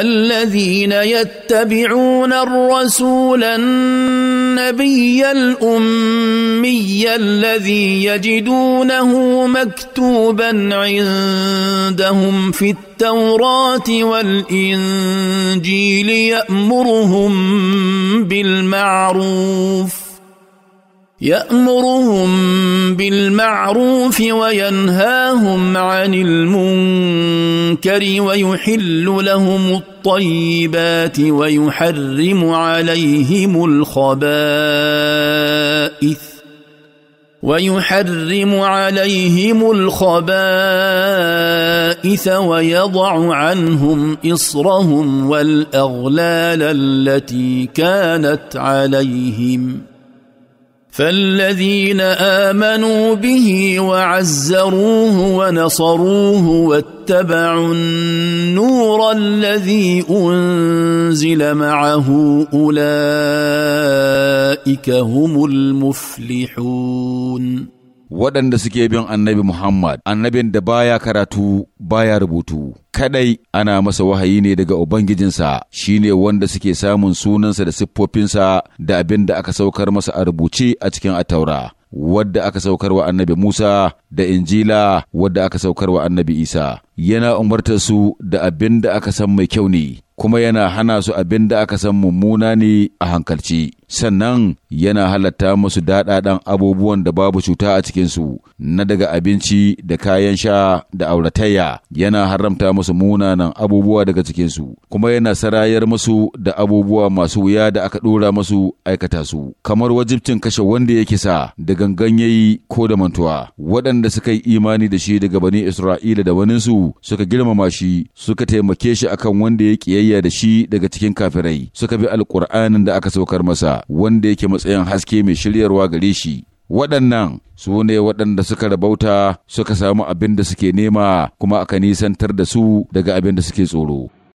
الذين يتبعون الرسول النبي الامي الذي يجدونه مكتوبا عندهم في التوراه والانجيل يامرهم بالمعروف يامرهم بالمعروف وينهاهم عن المنكر ويحل لهم الطيبات ويحرم عليهم الخبائث ويحرم عليهم الخبائث ويضع عنهم اصرهم والاغلال التي كانت عليهم فالذين امنوا به وعزروه ونصروه واتبعوا النور الذي انزل معه اولئك هم المفلحون waɗanda suke bin annabi Muhammad, annabin da baya karatu baya rubutu. Kadai ana masa wahayi ne daga Ubangijinsa shi ne wanda suke samun sunansa da siffofinsa da abin da aka saukar masa a rubuce a cikin ataura. Wadda aka saukar wa annabi Musa da Injila wadda aka saukar wa annabi Isa, yana umartar su da abin da aka san mai kyau ne, kuma yana hana su abin da aka san mummuna ne a hankalci sannan yana halatta musu daɗaɗan abubuwan da babu cuta a cikinsu na daga abinci da kayan sha da auratayya yana haramta musu munanan abubuwa daga cikinsu kuma yana sarayar musu da abubuwa masu wuya da aka ɗora musu aikata su kamar wajibcin kashe wanda ya kisa da gangan yayi ko da mantuwa waɗanda suka yi imani da shi daga bani isra'ila da waninsu suka girmama shi suka taimake shi akan wanda ya ƙiyayi biyayya da shi daga cikin kafirai suka bi alkur'anin da aka saukar masa wanda yake matsayin haske mai shiryarwa gare shi waɗannan su ne waɗanda suka rabauta suka samu abin da suke nema kuma aka nisantar da su daga abin da suke tsoro